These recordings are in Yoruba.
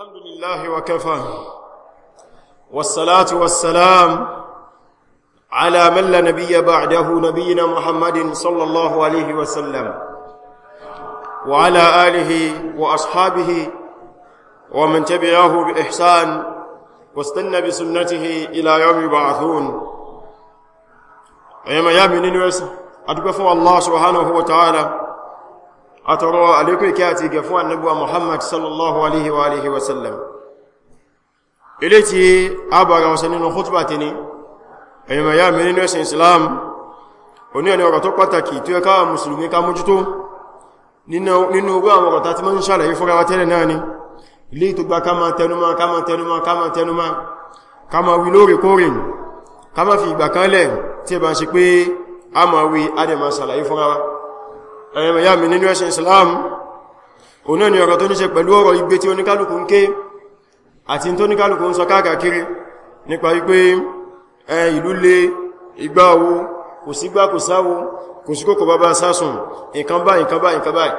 الحمد لله وكفى والصلاة والسلام على من لا نبي بعده نبينا محمد صلى الله عليه وسلم وعلى آله وأصحابه ومن تبعه بإحسان واستنى بسنته إلى يوم يبعثون أيما يا من نيوس أتقفوا الله سبحانه وتعالى àtọrọ àlékún ìkẹ́ àti ìgẹ̀ fún annabuwa muhammad sallallahu alaihi wa alihi wasallam ilé tí a bára wasan nínú khutba ti ni ẹ̀yìnmà ya mi nínú ẹ̀sìn islam oní ẹni ọ̀rọ̀ tó pàtàkì tó yẹ káwà musulmi ká mójútó nínú ogó àwọn ọ̀rọ̀ tàti mọ́ ṣàlàyé fúnra wa tẹ́lẹ̀ náà ni ilé tó gba ká máa tẹnumá ká máa tẹnumá ká máa tẹnumá ká máa wí lóòrèkóòrè ká máa fi ìgbà kan lẹ̀ tí ẹ bá ń ṣe pé a máa wí adẹ̀mà ṣàlàyé fúnra wa ẹ̀yẹ̀mẹ̀ yá mi nínú ẹ̀sìn Islam òun náà ni ọ̀rọ̀ tó ní ṣe pẹ̀lú ọ̀rọ̀ igbe tí oníkálùkù ń ké àti tó níkálùkù ń sọ káàkiri nípa wípé ìlú lé igbá owó kò sígbá kò sáwó kò sí kòkò bàbá sásùn nǹkan báyìí nǹkan báyìí nǹkan báyìí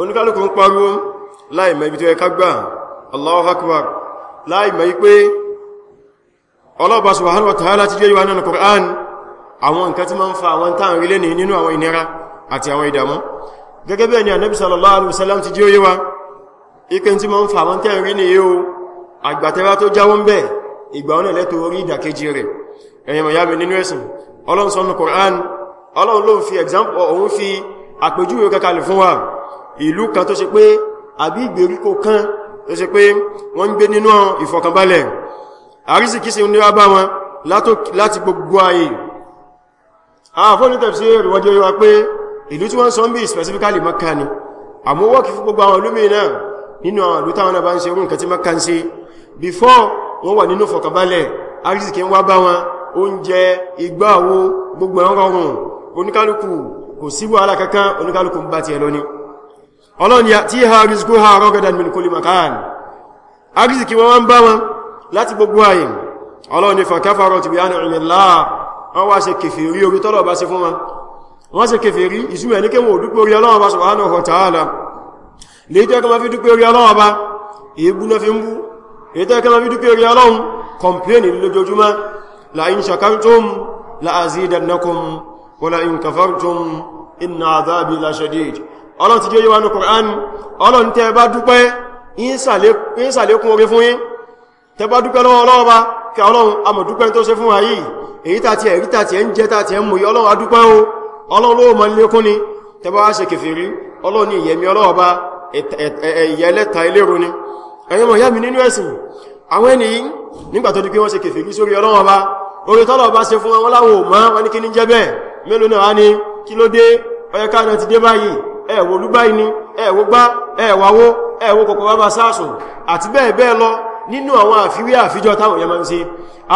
oníkálùkù ń pariwo láì mẹ́bí tó yẹ ká gbà Allahu Akbar láì mẹ́ wípé ọlọ́ọ̀bá subhanahu wa ta'ala ti jẹ́ ìwà àwọn nǹkan tí ma ń fa àwọn táàrí lẹ́ni nínú àwọn ìnira àti àwọn ìdàmú gẹ́gẹ́ bẹ́ẹ̀ ni ànábì sallallahu alaihi wasallam ti jí ó yé wa ike tí ma ń fà wọ́n tẹ́rin ní yíó àgbàtẹ́wà tó jáwọ́ ń bẹ̀ ìgbà ọ̀nà lẹ́tọ̀ orí ìdàkejì rẹ̀ ẹ̀yìn mọ̀ yàmì nínú ẹ̀sìn ọlọ́run sọ́nà Qur'an ọlọ́run ló fi example òun fi àpèjúwe kakalẹ̀ fún wa ìlú kan tó ìlú tí wọ́n sọ ń bí specifically Makka ni àmọ́ wọ́kì fún gbogbo àwọn olómi náà nínú àwọn ìlú táwọn bá ń ṣe orúnkà tí Makka ń ṣe before wọ́n wà nínú fọ̀kànbalẹ̀ arísìkí ń wá bá wọn oúnjẹ igbáwo gbogbo ẹ̀rọ rọrùn oníkálukú kò sí wàhálà kankan oníkálukú ń bá ti ni ọlọ́ni ha rizikú ha rọ́gọ̀dá min kulli makan arísìkí wọn wá ń bá wọn láti gbogbo ayé ọlọ́ni fakafarot bi an'amillah wọ́n wá kèfèrí orí tọ́lọ̀ bá ṣe fún wọn wọ́n sì kèfèrí ìsúmẹ̀ ní kéwọ̀n òdúpẹ́ orí Ọlọ́run bá subhanahu wa ta'ala lè jẹ́ kí wọ́n fi dúpẹ́ orí Ọlọ́run bá èébú náà fi ń bú èyí tẹ́ kí wọ́n fi dúpẹ́ orí Ọlọ́run kọmpléènì lójoojúmọ́ la in shakartum la azidannakum wa la in kafartum inna adhabi la shadid Ọlọ́run ti jẹ́ yíwa ní Qur'an Ọlọ́run tẹ́ bá èyí tàti ẹ̀ rí tàti ẹ̀ ń jẹ́ tàti ẹ̀ mú yí Ọlọ́run o ọlọ́run ló mọ̀ lékún ni tẹbá wá ṣe kèfèrí ọlọ́run ni ìyẹ̀mí ọlọ́ọ̀bá ẹ̀yẹ̀lẹ́ta ilérò ni ẹ̀yẹ̀mọ̀ yá mi nínú ẹ̀sìn àwọn ẹni yìí nígbàtọ́ di pé wọ́n ṣe kèfèrí sórí ọlọ́run ọba orí tọ́lọ̀ bá ṣe fún wọn láwọn òmá wọn ní ti dé báyìí ẹ̀wò olúgbáyìí ni ẹ̀wò gbá ẹ̀wàwó ẹ̀wò kọ̀kọ̀ bábá sáàsùn àti bẹ́ẹ̀ bẹ́ẹ̀ lọ nínú àwọn àfiwé àfijọ́ táwọn yẹn máa ń ṣe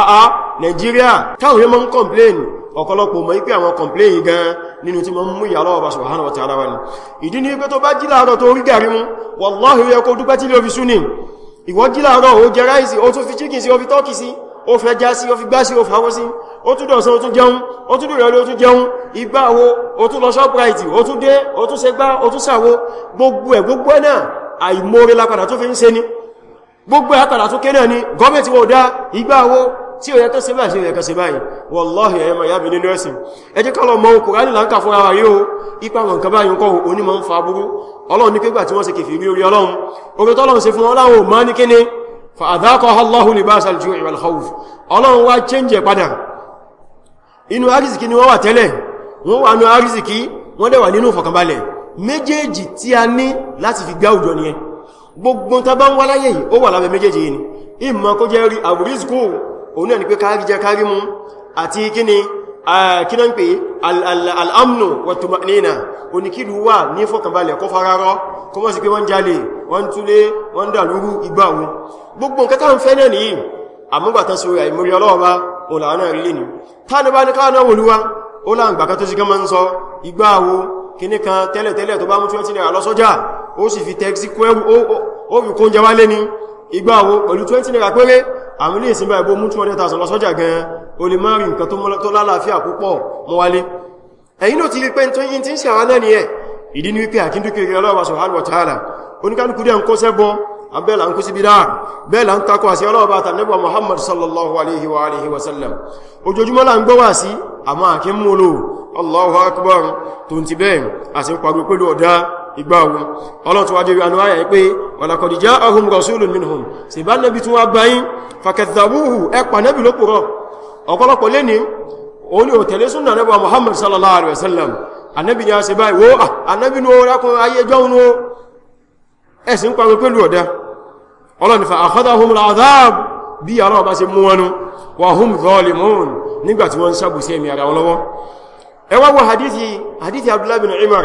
àá Nàìjíríà táwọn yẹn ń kọ̀m̀pléènì ọ̀kọ́lọpọ̀ mọ̀ ipé àwọn kọ̀m̀pléyìn gan nínú tí mọ́ mú ìyàlọ́ ọba subhanahu wa ta'ala wà ní ìdí ní pé tó bá jí láàárọ̀ tó rí gàrí mú wallahi yẹ kó dúpẹ́ tí lè fi súnì ìwọ jí láàárọ̀ ó jẹ ráìsì ó tún fi chicken sí ó fi tọ́kì sí ó fẹ́ já sí ó fi gbá sí ó fàwọ́ sí ó tún dọ̀sán ó tún jẹun wo ó tún wo tí ó yẹ kán ṣe báyìí sí ó yẹ kán ṣe báyìí wallahi ẹ̀yẹmọ̀ yábi nínú ẹ̀sìn ẹ jẹ́ ká lọ mọ̀ Kùránì láńkà fún ara yíó ipa wọn kan báyìí kọ́ onímọ̀ ń fa burú Ọlọ́run ní pẹ́gbà tí wọ́n ṣe kèfì rí orí Ọlọ́run orí tọ́lọ́run ṣe fún Ọlọ́run ma ní kíní fa adhaqaha Allahu libas al gbogbo tàbá ń wá láyé yìí méjèèjì yìí ni ìmọ̀ kó jẹ́ rí àbúrísìkò òun náà ni pé kárí jẹ kárí mú àti kíni kíná ń pè al'amnu wa tumanina oníkìlú wà ní fọkànbalẹ̀ kó fararọ́ kó mọ́ sí pé wọ́n jalè wọ́n túlé wọ́n dàlúrú igbá wọn gbogbo nǹkan táwọn sí orí ni tánà bá ní káwọn náà wòlúwá ó láǹgbàká tó sí gánmà ń sọ igbá wo kìní kan tẹ́lẹ̀tẹ́lẹ̀ tó bá mú 20 naira lọ sọ́jà ó sì fi tẹ́ẹ̀sì kó ẹrù ó fi kóúnjẹ wálé ní igbá wo pẹ̀lú 20 naira péré àwọn ilé ìsinmi ẹgbó mú 200,000 lọ sọ́jà gan o lè má rí nǹkan tó lálàáfíà púpọ̀ mọ́ wálé ẹ̀yìn náà ti rí pé tó yín tí ń ṣe àwọn náà ni ẹ̀ ìdí ni wípé àkíndúkiri ọlọ́wà subhanahu wa ta'ala oníkálukú dẹ̀ ń kó sẹ́bọ́ abẹ́là ń kó sí bídá bẹ́ẹ̀là ń ìgbà wọn ọlọ́run tó wá jẹ́ ìwànú ayà pé walaqad jā'ahum rasūlun minhum sì bá nẹ́bí tún wá gbáyín fakadhdhabūhu ẹ̀pà nẹ́bí ló pòrọ̀ ọ̀pọ̀lọpọ̀ lẹ́ni olú òtẹ̀lé súnà nẹ́bà Muhammad sallallahu ní orakun ayẹjọ́ inú ẹ̀sìn hadithi hadithi bin Umar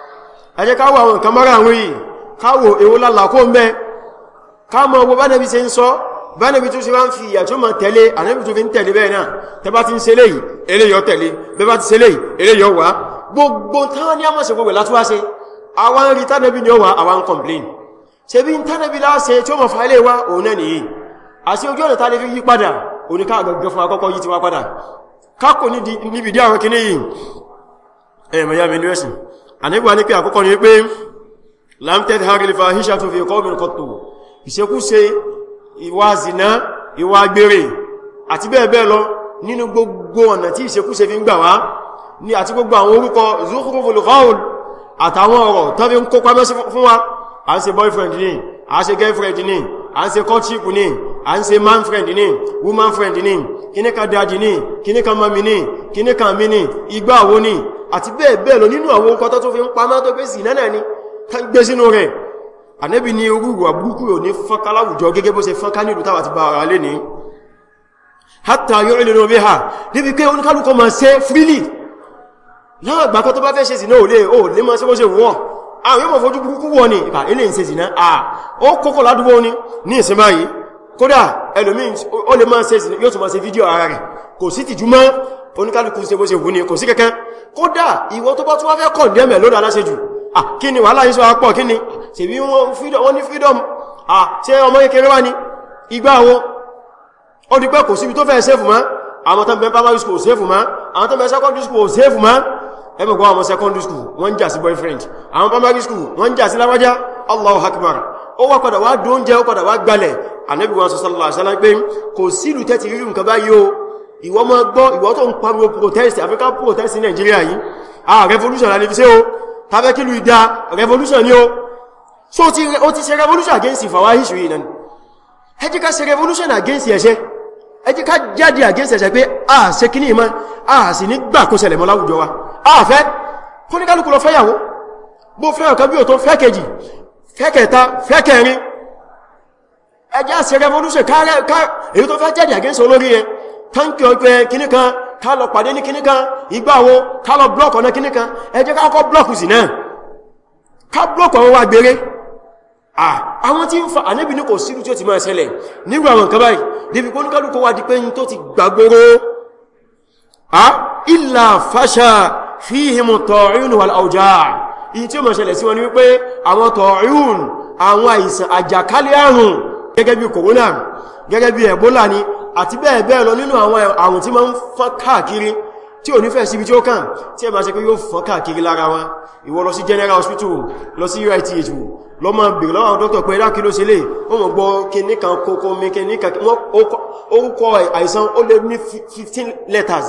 ẹ jẹ́ káwọ àwọn nǹkan mọ́ra àwọn yìí káwọ èwo lálàkó ń bẹ́ káàmọ̀ ọgbọ́ bánẹ́bí se ń sọ bánẹ́bí tó ṣe wá ń fi ìyà tó mọ̀ tẹ̀lé ànẹ́bí tó fi ń tẹ̀lé bẹ́ẹ̀ náà tẹbá ti ń ṣe léyìí eléyọ̀ tẹ̀lé bẹ́bá ti ṣe léyìí eléyọ̀ wá gbogbo táwọn ní àmọ̀ṣe gbogbo látúwá ṣe àwọn rí tánẹ́bí ni ó wà àwọn complain ṣe bí tánẹ́bí láṣe tí ó mọ̀ fà ilé wa òun náà nìyí àti ojú ọ̀nà tánẹ́bí yí padà oníká àgbẹ̀gbẹ̀ fún akọ́kọ́ yí ti wá padà kákò níbi dí àwọn kìnnìyàn ẹ̀mọ̀ yá mi lóẹ̀sìn àníbà ní pé àkọ́kọ́ ni pé lamted harilifa hisha tó fi ẹ̀kọ́ min qattu ìṣekúṣe ìwà zina ìwà gbèrè àti bẹ́ẹ̀ bẹ́ẹ̀ lọ nínú gbogbo ọ̀nà tí ìṣekúṣe fi ń gbà wá ní àti gbogbo àwọn orúkọ zukhruful qawl àtàwọn ọ̀rọ̀ tó fi ń kó boyfriend ni à girlfriend ni à ń ṣe courtship man friend ni woman friend ni kíníkà daddy ni kíníkà mami ni kíníkà mi ni ìgbà àti bẹ́ẹ̀ bẹ́ẹ̀ lọ nínú àwọn ọkọ̀ tó fi ń pa mọ́ tó pé sí náà ni tán gbé sínú rẹ̀ ànẹ́bì ni orúurú àbúrúkú ò ní fọ́nká láwùjọ gẹ́gẹ́ bó ṣe fọ́nká nílùú táwà ti bá ara lé ní hátà yóò ilẹ̀ lórí ha níbi pé oníkálùkọ́ ma ṣe frílì láwọn àgbàkọ́ tó bá fẹ́ ṣe sí náà ò lè ò lè mọ́ sí bó ṣe wọ́n àwọn yóò mọ̀ fojú burúkú wọ́n ni ìbà ilé ń ṣe sí náà ó kókò ládúgbò ní ní ìsin báyìí kódà ẹlòmíì ó lè máa ṣe sí yóò tún máa ṣe fídíò ara rẹ̀ kò sí tìjú mọ́ oníkálùkù ṣe bó ṣe wù ní kódà ìwọ tó bá tún wá fẹ́ condemn lọ́dọ̀ aláṣejù ah kí ni wàhálà yìí sọ apọ̀ kí ni ṣebí wọ́n ní freedom ah ṣe ọmọ kékeré wá ní igbá wọn ó di pé kò síbi tó fẹ́ sẹ́fù mọ́ àwọn tó ń bẹ primary school sẹ́fù mọ́ àwọn tó ń bẹ secondary school sẹ́fù mọ́ ẹmọ̀gbọ́ àwọn secondary school wọ́n jà sí boyfriend àwọn primary school wọ́n jà sí lábájá allahu akbar ó wá padà wá dóúnjẹ ó padà wá gbalẹ̀ ànábì wa sallallahu alaihi wasallam pé kò sílù tẹ́tì rírù nǹkan báyìí ìwọ máa gbọ́ ìwọ tó ń pariwo protest Africa protest ní Nigeria yìí ah revolution la ní fi ṣe o tàbẹ́ kí lù ìdá revolution ni o so o ti ṣe revolution against ìfàwà ìṣù yìí náà ẹ jẹ́ ká ṣe revolution against ẹ̀ṣẹ̀ ẹ jẹ́ ká jáde against ẹ̀ṣẹ̀ pé a ṣe kí ní ìmọ́ a sì ní gbà kó ṣẹlẹ̀ mọ́ láwùjọ wa a fẹ́ kó ní kálukú lọ fẹ́yàwó bó fẹ́ ọ̀kan bí o tó fẹ́ kejì fẹ́ kẹta fẹ́ kẹrin ẹ jẹ́ ṣe revolution ká èyí tó fẹ́ against tánkì ọjọ́ ẹ kíní kan ká lọ pàdé ní kíní kan ìgbà wo ká lọ blọ́ọ̀kì ọ̀nà kíní sí náà ká blọ́ọ̀kì ọ̀rọ̀ wa gbére àwọn tí ń fa ànẹ́bì ní kò sílù tí ó ti máa ṣẹlẹ̀ nígbà àwọn nǹkan báyìí débi kó níkàlùkù wá di pé yìí tó ti gbàgbóró ìlà fàṣà fíhìmù tọ̀ọ̀rún wà láọjá ìyí tí ó máa ṣẹlẹ̀ gẹ́gẹ́ bí kòrónà gẹ́gẹ́ bí ẹ̀bólà ni àti bẹ́ẹ̀ bẹ́ẹ̀ lọ nínú àwọn àrùn tí ma ń fọ́n káàkiri tí ò nífẹ̀ẹ́ síbi tí ó kàn tí ẹ bá ṣe pé yóò fọ́n káàkiri lára wọn ìwọ lọ sí general hospital lọ sí UITH lọ mọ́ bèèrè lọ́wọ́ dr pẹ̀lá kí ló ṣe lè ó mọ̀ gbọ́ kíní kan kókó mi kíní kan orúkọ àìsàn ó lé ní 15 letters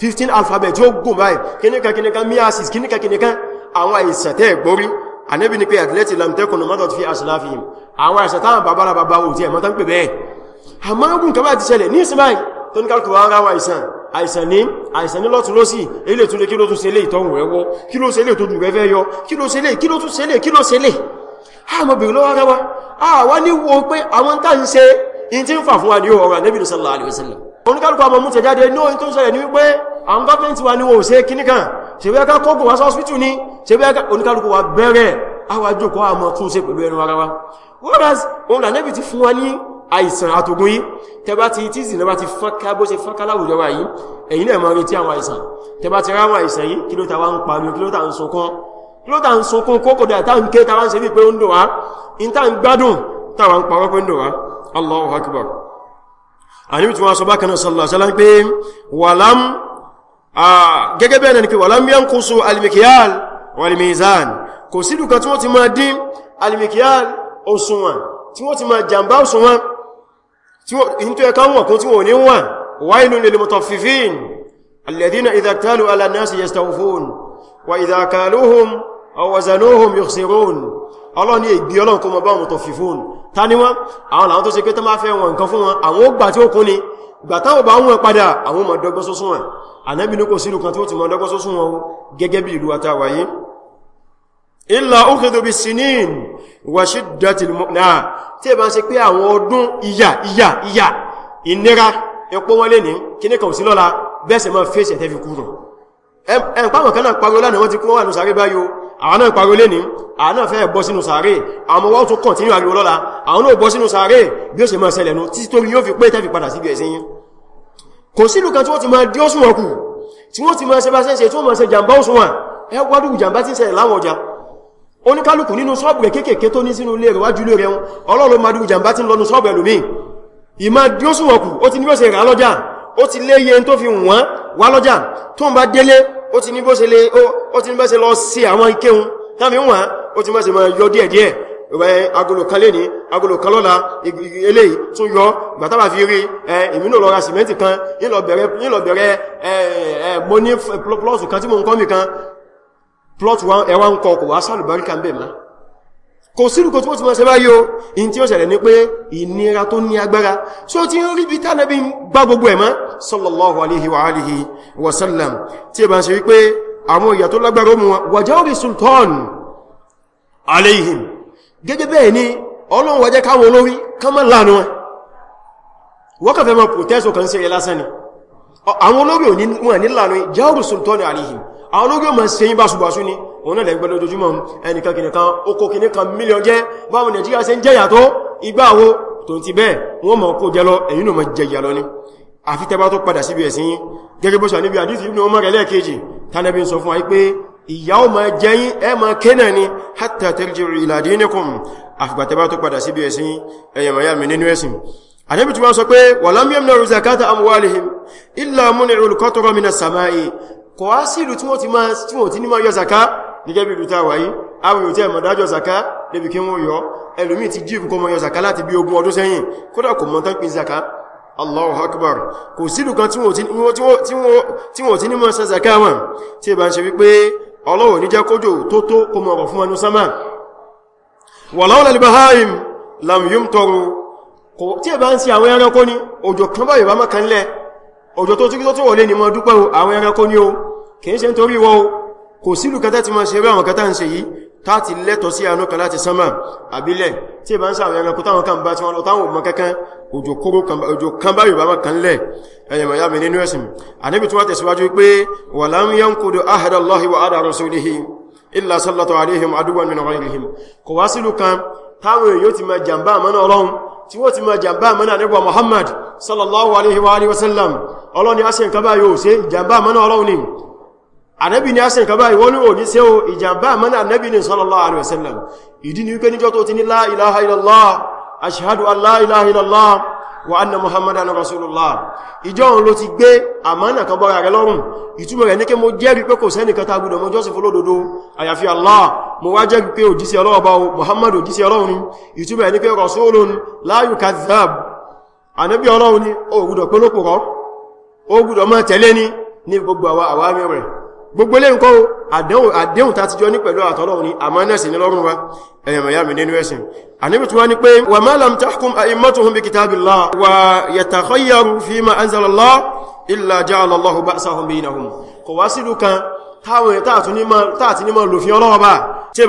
15 alphabet yóò gùn báyìí kíní kan kíní kan miasis kíní kan kíní kan àwọn àìsàn tẹ́ gbórí anẹ́bí ni pé atleti lamtekun mọ́tọ̀ fi àṣìláfihìm àwọn àìsàn táwọn bàbára bàbá òtí ẹ̀mọ́tán pè bẹ́ẹ̀ àmágùn kẹbà ti ṣẹlẹ̀ ní ìsinmi tó ní kálùkù ara wa ìsàn àìsàn ní àìsàn ní lọ́tún lọ́sì ilé tún lè kí ló tún ṣẹlẹ̀ ìtọ́hùn ẹwọ́ kí ló ṣẹlẹ̀ tó jù rẹ́fẹ́ yọ kí ló ṣẹlẹ̀ kí ló tún ṣẹlẹ̀ kí ló ṣẹlẹ̀ àmọ́bìnrin lọ́wọ́ ara wa àwa ní wo pé àwọn tá ń ṣe in ti ń fà fún wa ní ọ̀rọ̀ Ànábì sallallahu alaihi wasallam oníkálùkù àmọ́ mú tẹ̀jáde ní ohun tó ń ṣẹlẹ̀ ní wípé àwọn gọ́ọ̀mẹ́ntì wa ní wọ́n ṣe kíníkan ṣèwẹ́ká kókò wá sọ́ọ́sìtù ní ṣèwẹ́ká oníkálùkù wa bẹ̀rẹ̀ àwájò kọ́ àmọ́ tún ṣe pẹ̀lú ẹnu ara wa whereas ohun Ànábì ti fún wa ní àìsàn àtògùn yìí tẹbá ti tí ìsìnà bá ti fọ́nká bó ṣe fọ́nká láwùjọ wa yìí ẹ̀yin náà máa retí àwọn àìsàn tẹbá ti ráwọn àìsàn yìí kí ló ta wá ń pàmì kí ló ta ń sunkún kí ló ta ń sunkún kókò dà tá ń ké ta wá ń ṣe bí pé ó ń dò wá in tá ń gbádùn ti wọ́n ti máa jàmbá òṣùwọ̀n in tó ẹka wọn kún tí wọn ní wọn wailun lil mutaffifin alladhina idha ktalu ala nasi yastawfun wa idha kaluhum aw wazanuhum yukhsirun ọlọ́run ní ègbì ọlọ́run kó mọ bá mutaffifun ta ni wọ́n àwọn làwọn tó ṣe pé tó máa fẹ́ wọn nǹkan fún wọn àwọn ó gbà tí ó kún ni gbà táwọn bá padà àwọn ọmọ dọ́gbọ́n wọn ànábì kò sílù kan tí ó ti mọ dọ́gbọ́n wọn gẹ́gẹ́ bí ìlú àtàwàyé illa ukhidhu bis sinin wa shiddatil tí ẹ bá ń ṣe pé àwọn ọdún ìyà ìyà ìyà ìnira ẹ̀pọ̀ wọn lè ní kíní kan sí lọ́la bẹ́ẹ̀sẹ̀ máa fèsì ẹ̀tẹ́ fi kúrò ẹ̀pàwọn kan náà pariwo lánàá wọ́n ti kún wà ní sàárè báyò àwọn náà pariwo lè ní àwọn náà fẹ́ bọ́ sínú sàárè àwọn ọmọ wọ́n tún kọ̀ntínú ariwo lọ́la àwọn náà bọ́ sínú sàárè bí ó ṣe máa ṣẹlẹ̀ nù títí torí yóò fi pé tẹ́fi oníkálùkù nínú sọ́ọ̀bù rẹ̀ kéèkéé tó ní sínú ilé rẹ̀ wájú ilé rẹ̀ wọn ọlọ́run madúrú jàmbá tí ń lọ́nu sọ́ọ̀bù ẹlòmí ìmá díósùwọ̀kù ó ti ní bóṣe rà lọ́jà ó ti lé iye tó fi wọ́n wá lọ́jà tó ń bá délé ó ti ní bóṣe lọ agolo kan agolo kan lọ́la eléyìí tún yọ gbàtàbà fi rí èmi náà lọ ra sìmẹ́ntì kan yìí lọ bẹ̀rẹ̀ mo plot ẹwà ń kọkù wá sálùbáríkà ń bẹ̀ má kò sílùkò tí wọ́n ti mọ́ sẹ́bá yóò in tí ó ṣẹlẹ̀ ní pé ìnira tó ní agbára so tí ó rí bí tánàbí gbá gbogbo ẹ̀má sallallahu alaihi wa alihi wa sallam tí ẹ bá ń ṣe wípé àwọn ìyà tó lágbára mú wọn wàjá orí sultan alaihim gẹ́gẹ́ bẹ́ẹ̀ ni ọlọ́run wàjẹ́ káwọn olórí àwọn olóògbé ma ṣe yín báṣubàṣu ni òun náà lẹ́gbẹ́ lójoojúmọ́ ẹnìkan kìnìkan okò kìnìkan mílíọ̀n jẹ́ báwọn Nàìjíríà ṣe ń jẹ́yà tó igbá àwọ tó ti bẹ́ẹ̀ wọ́n mọ̀ kó jẹ lọ ẹ̀yin náà ma jẹyà lọ ni àfi tẹ́bá tó padà síbi ẹ̀sìn yín gẹ́gẹ́ bó ṣàníbi àdífì Ibn Umar ẹlẹ́ẹ̀kejì tánàbí sọ fún wa pé ìyà ó ma jẹ yín ẹ ma kénà ni kò wá sí ìlú tí wọ́n ti máa tí wọ́n ti ní máa yọ zaka gẹ́gẹ́ bí ìlú tá wà yìí àwọn èèyàn tí ẹ̀mọ̀ dájọ́ zaka débi kí wọ́n yọ ẹlòmíì ti jíìfù kọmọ yọ zaka láti bí ogún ọdún sẹ́yìn kódà kò mọ̀ tán pín zaka Allahu akbar kò sílù kan tí wọ́n ti ní máa san zaka wọn tí ìbá ń ṣe wípé Ọlọ́hun ní kójò tó tó kó mọ̀ fún ẹnu sámà walawla al lam yumtaru tí ìbá ń ṣe àwọn ẹranko ní òjò kan báyìí bá mọ́kànlẹ̀ òjò tó tí wọlé ní mọ́ dúpẹ́ àwọn ẹranko ní o kìí ṣe nítorí wọ́n kò sílù kẹta ti ma ṣe rí àwọn kẹta ń ṣe yìí táti lẹ́tọ̀ sí àánú kan láti sánmà àbílẹ̀ tí ìbá ń sàwọn ẹranko táwọn kan bá tí wọ́n lọ táwọn ọmọ kankan òjò kan bá yóò bá kan lẹ̀ ẹ̀yẹ̀mọ̀ ya mi nínú ẹ̀sìn àníbi tí wọ́n tẹ̀síwájú pé wà láwíyàn kúrò ahada Allahi wa ahada rasulihi illa sallatu alaihim aduwan min ghayrihim kò wá sílù kan ti ma jàmbá àmọ́nà ọlọ́run tí sallallahu alaihi wa alihi ọlọ́ni a ṣe nǹkan bá yóò ṣe jàmbá àmọ́nà ọlọ́run ànábì ní àṣẹ ìkàbá ìwọ́nú òní sí o ìjàmbá mọ́nà ànábì ní sallallahu alaihi wasallam ìdí ni wípé níjọ́ tó ti ní la ilaha illallah ashhadu an la ilaha illallah wa anna muhammadan rasulullah ìjọ òun ló ti gbé àmánà kan bọ́ra rẹ lọ́rùn ìtumọ̀ rẹ̀ ní kí mo jẹ́rìí pé kò sẹ́nì kan tágbùdọ̀ mọ́ jọ́sìn fólódodo àyàfi allah mo wá jẹ́rìí pé òjísí ọlọ́wọ́ bá muhammad òjísí ọlọ́run ni ìtumọ̀ rẹ̀ ní pé rasulun la yukadhab ànábì ọlọ́run ni ó gbùdọ̀ pé lópùrọ́ mọ́ tẹ̀lé ní gbogbo àwa àwárí rẹ̀ gbogbo lè nǹkan àdéhùn tàti jọ ní pẹ̀lú àtọ́lọ́wọ́ ni àmọ́ náà sì ní lọ́rùn wa ẹ̀yàmọ̀ yà mí nínú ẹ̀sìn àníbìtí wá ní pé wà ma lam tahkum a'immatuhum bi kitabillah wà yatakhayyaru fima anzalallah illa ja'ala Allahu ba'sahum bainahum kò wá sílù kan táàtì ní mọ́ lòfin ọlọ́wọ́ bá tí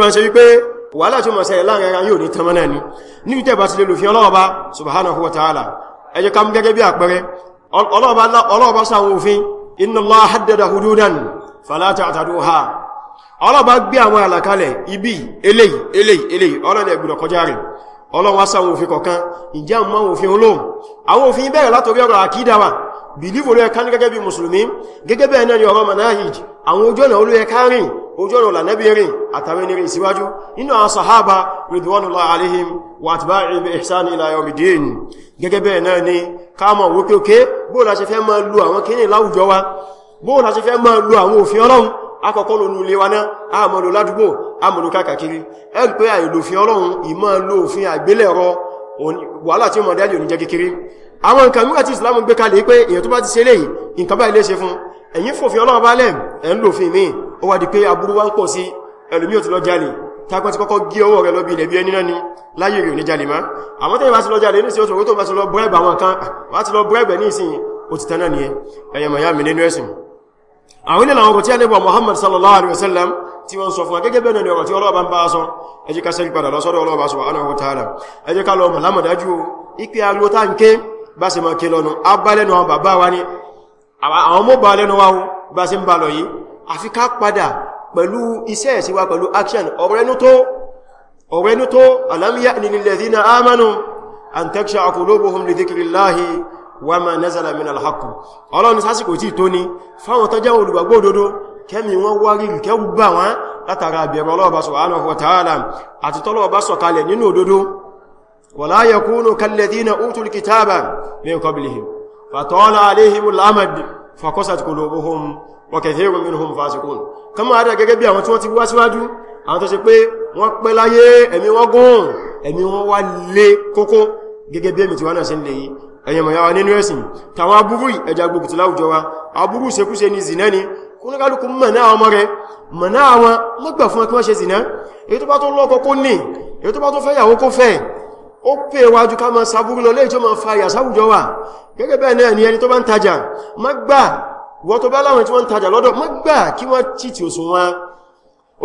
ẹ bá inna Allah haddada hududan fàlátà àtàdó ha ọlọ́bá gbé àwọn àlàkalẹ̀ ibi eléyìí eléyìí eléyìí ọlọ́dẹ̀ gbọ́dọ̀ kọjá rẹ̀ ọlọ́wọ́ sáwọn òfin kọ̀kan ìjẹ́ àwọn òfin olóòm àwọn òfin bẹ̀rẹ̀ látorí ọ̀rọ̀ àkídáwà bìlífò ló ẹka ní gẹ́gẹ́ bí mùsùlùmí gẹ́gẹ́ bẹ́ẹ̀ náà ni ọ̀rọ̀ manahij àwọn ojú ọ̀nà olóyẹ kárìn ojú ọ̀nà lànẹ́bí rìn àtàwọn ẹni rìn síwájú nínú àwọn sahaba ridwanullahi alaihim wa atba'ihim bi ihsan ila yawmiddin gẹ́gẹ́ bẹ́ẹ̀ náà ni káàmọ̀ wókè bóò láti fẹ́ máa lo àwọn òfin ọlọ́run akọ̀kọ́ lónú ilé wa náà àmọ́lò ládùgbò àmọ́lò káàkiri ẹn pé àìlòfin ọlọ́run ìmọ́ lo òfin àgbélẹ̀rọ wàhálà tí ó mọ̀ dájú òní jẹ́ kékeré àwọn nǹkan nígbà tí Islam gbé kalẹ̀ pé èyàn tó bá ti ṣe lè nǹkan báyìí lè ṣe fún ẹ̀yin fòfin ọlọ́run bá lẹ̀ ẹ̀ ń lòfin míì ó wá di pé aburú wá ń pọ̀ sí ẹlòmí ò ti lọ jalè tágbọ́n ti kọ́kọ́ gí ọwọ́ rẹ̀ lọ bí ẹni náà ni láyé rẹ̀ ní jalè má àwọn tẹ́yìn bá ti lọ jalè ní sí oṣù tó bá ti lọ búrẹ́bù àwọn kan wá ti lọ búrẹ́bù ní ìsìn òtítẹ́ náà ni ẹ̀yẹ̀mọ̀ mi nínú ẹ̀sìn àwọn ilẹ̀ àwọn ọkọ̀ tí a nígbà Muhammad sallallahu alaihi wasallam tí wọ́n sọ fún agẹ́gẹ́ bẹ̀rẹ̀ ní ọ̀rọ̀ tí ọlọ́ọ̀bá ń bá sọ ẹjí ká sẹ́rí padà lọ́sọ́dọ̀ ọlọ́ọ̀bá sọ àwọn ọwọ́ tààlà ẹjí ká lọ́ọ̀mọ̀ lámọ̀dájú ipi alóta ń ké bá sì máa ké lọ́nu abálẹ́nu àwọn bàbá wa ní àwọn mọ́ pẹ̀lú iṣẹ́ ẹ̀sí pẹ̀lú action ọ̀rẹ́nu tó alam ya'ni lil ladhina amanu an taksha'a qulubuhum li dhikrillahi wa ma nazala min alhaqu ọlọ́run sásìkò tí tó ní fáwọn tó jẹ́ olùgbàgbọ́ òdodo kẹ́mì wọn wárí ìkẹ́rù bà wọn látara àbẹ̀rọ ọlọ́ọ̀bá subhanahu wa ta'ala àti tọ́lọ́ọ̀bá sọ̀kalẹ̀ nínú òdodo wala yakunu àwọn tó ṣe pé wọ́n pẹ́ láyé ẹ̀mí wọn gùn ẹ̀mí wọn wá lé kókó gẹ́gẹ́ bí ẹ̀mí tí wọ́n náà ṣe lè yìí ẹ̀yẹ̀mọ̀ yáwa nínú ẹ̀sìn tàwọn aburú ẹja gbogbo láwùjọ wa aburú ṣekúṣe ni zìnà ni kúnlẹ́kálùkù mọ̀ná ọmọ rẹ̀ mọ̀ná àwọn mọ́gbà fún ẹkùn ṣe zìnà èyí tó bá tó lọ́kọ kó ní èyí tó bá tó fẹ́yàwó kó fẹ́ ó pè wájú ká máa saburú lọ léèjọ́ máa fa ìyà sáwùjọ wa gẹ́gẹ́ bẹ́ẹ̀ náà ni ẹni tó bá ń tajà mọ́gbà wọ́n tó bá láwọn tí wọ́n ń tajà lọ́dọ̀ mọ́gbà kí wọ́n títì òsùn wọn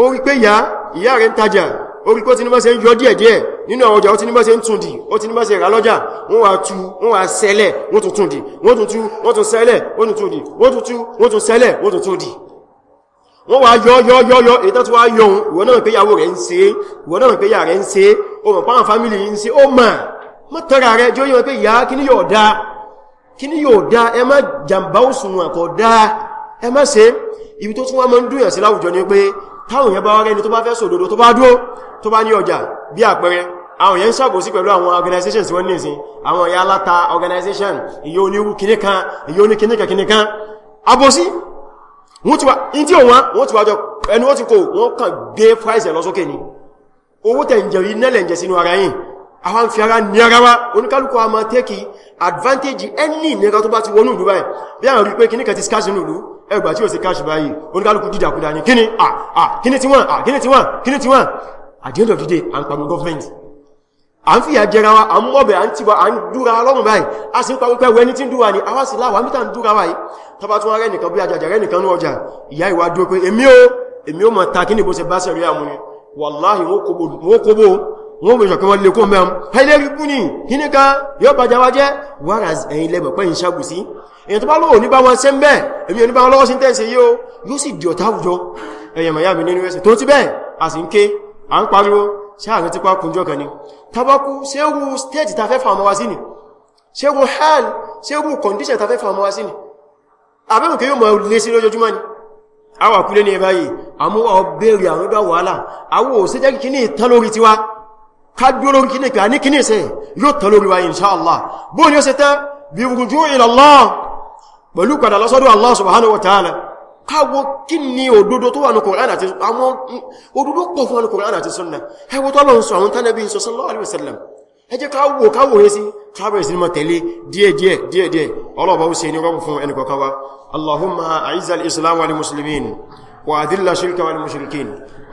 ó rí pé ìyá ìyá rẹ̀ ń tajà ó rí kó ti ní wọ́n ṣe ń yọ díẹ̀díẹ̀ nínú àwọn ọjà ó ti ní bá ṣe ń tún dì ó ti ní bá ṣe rà lọ́jà wọ́n wá tú wọ́n wá sẹ́lẹ̀ wọ́n tún tún dì wọ́n tún tú wọ́n tún sẹ́lẹ̀ wọ́n tún tún dì wọ́n tún tú wọ́n tún sẹ́lẹ̀ wọ́n tún tún dì wọ́n wá yọ yọ yọ yọ èyí tó wá yọ ìwọ náà pé ìyàwó rẹ̀ ń ṣe ìwọ náà pé ìyá rẹ̀ ń ṣe ó mọ̀ pàwọn fámìlì ń ṣe ó mà mọ́ tọ́ra rẹ̀ jọ yọ pé ìyá kí ni yóò dá kí ni yóò dá ẹ má jàmbá òsùnwọ̀n kọ̀ dá ẹ má ṣe ibi tó tún wá mọ́ ń dùn yàn sí láwùjọ ni pé táwọn yẹn bá rẹni tó bá fẹ́ sòdodo tó bá dúró tó bá ní ọjà bí àpẹẹrẹ àwọn yẹn ń ṣàbòsí pẹ̀lú àwọn organizations wọ́n ní ìsìn àwọn ìyá aláta organization ìyó oníwú kìníkan ìyó oní kìníkan kìníkan àbòsí wọ́n ti wá in tí òun wọ́n ti wá jọ ẹni wọ́n ti kò wọ́n kàn gbé price ẹ̀ lọ ni owó tẹ̀ nẹ́lẹ̀ ń sínú ara yìí àwọn fi ara ní ara wá oníkálùkù a máa tẹ́kì advantage ẹni ìnira tó bá ti wọnú ìlú báyìí bí àwọn rí pé kìníkan ti scarce nínú ìlú ẹgbà tí ó sì cash báyìí oníkálùkù dìdàkudà ní kíní à kíní tí wọ́n kíní tí wọ́n kíní tí wọ́n at the end of the day à ń pariwo government à ń fìyà jẹra wa à ń mọ́bẹ̀ à ń tiwa à ń dúra lọ́rùn báyìí a sì ń pariwo pé wẹni tí ń dúra ni àwa sì láwà mítà ń dúra báyìí tọba tún rẹ̀ nìkan bí ajàjà rẹ̀ nìkan ní ọjà ìyá ìwà dúró pé èmi o èmi o mọ̀ ta kí ní bó ṣe bá sẹ̀rí àmú ni wàláhì wọ́n kóbó wọ́n mọ̀ ìṣọ̀kan wọn lè kó mẹ́m ẹlẹ́rí kú ní kíníká yóò bàjá wá jẹ́ whereas ẹ̀yin lẹ́bọ̀ pẹ́ ìṣàgù sí èyàn tó bá lóò ní bá wọn ṣe ń bẹ́ èmi ò ní bá wọn lọ́wọ́ sí tẹ́ẹ̀sẹ̀ yóò yóò sì di ọ̀tá àwùjọ ẹ̀yẹ̀mọ̀ yà mí nínú ẹ̀sẹ̀ tó ti bẹ́ẹ̀ a sì ń ké à ń pariwo ṣáàrẹ ti pa kùnjọ kan ni tabakú ṣéru state ta fẹ́ fàmọ́ wá sí ni ṣéru hell ṣéru condition ta fẹ́ fàmọ́ wá sí ni abẹ́rùn kí yóò mọ̀ lé sí lójoojúmọ́ ni a wà kúlé ní ẹbá yìí àmúwà ọbẹ̀rẹ̀ àrúgbà wàhálà àwọ̀ òsì jẹ́ kíní tán lórí tiwa ká dúró lórí kíní pẹ̀ ní kíní ìsẹ̀ yóò tán lórí wa Allah, bóò ni ó ṣe tán bí rújú ila Allah pẹ̀lú padà lọ́sọ́dọ̀ Allah subhanahu wa ta'ala káwo kí ni òdodo tó wà ní Kùránì àti àwọn òdodo pọ̀ fún Kùránì àti Sunnah ẹwọ́ tọ́lọ̀ ń sọ àwọn tánàbí sọ sallallahu alaihi wasallam ẹ jẹ́ káwò káwò rẹ̀ sí travel cinema tẹ̀lé díẹ̀díẹ̀ díẹ̀díẹ̀ ọlọ́ọ̀bá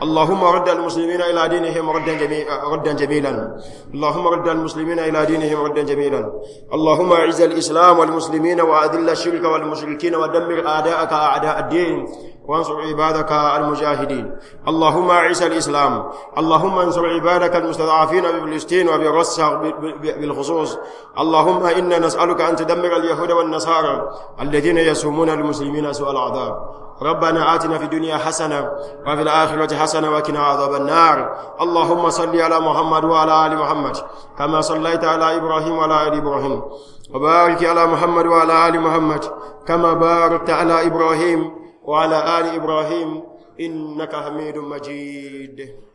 اللهم رد المسلمين إلى دينهم ردا جميلا ردا جميلا اللهم رد المسلمين إلى دينهم ردا جميلا اللهم أعز الإسلام والمسلمين وأذل الشرك والمشركين ودمر أعداءك أعداء الدين وانصر عبادك المجاهدين اللهم أعز الإسلام اللهم انصر عبادك المستضعفين بفلسطين وبغزة بالخصوص اللهم إنا نسألك أن تدمر اليهود والنصارى الذين يسومون المسلمين سوء العذاب ربنا آتنا في الدنيا حسنة وفي الآخرة حسنة وكنا عذاب النار اللهم صل على محمد وعلى آل محمد كما صليت على إبراهيم وعلى آل إبراهيم وبارك على محمد وعلى آل محمد كما باركت على إبراهيم وعلى آل إبراهيم إنك حميد مجيد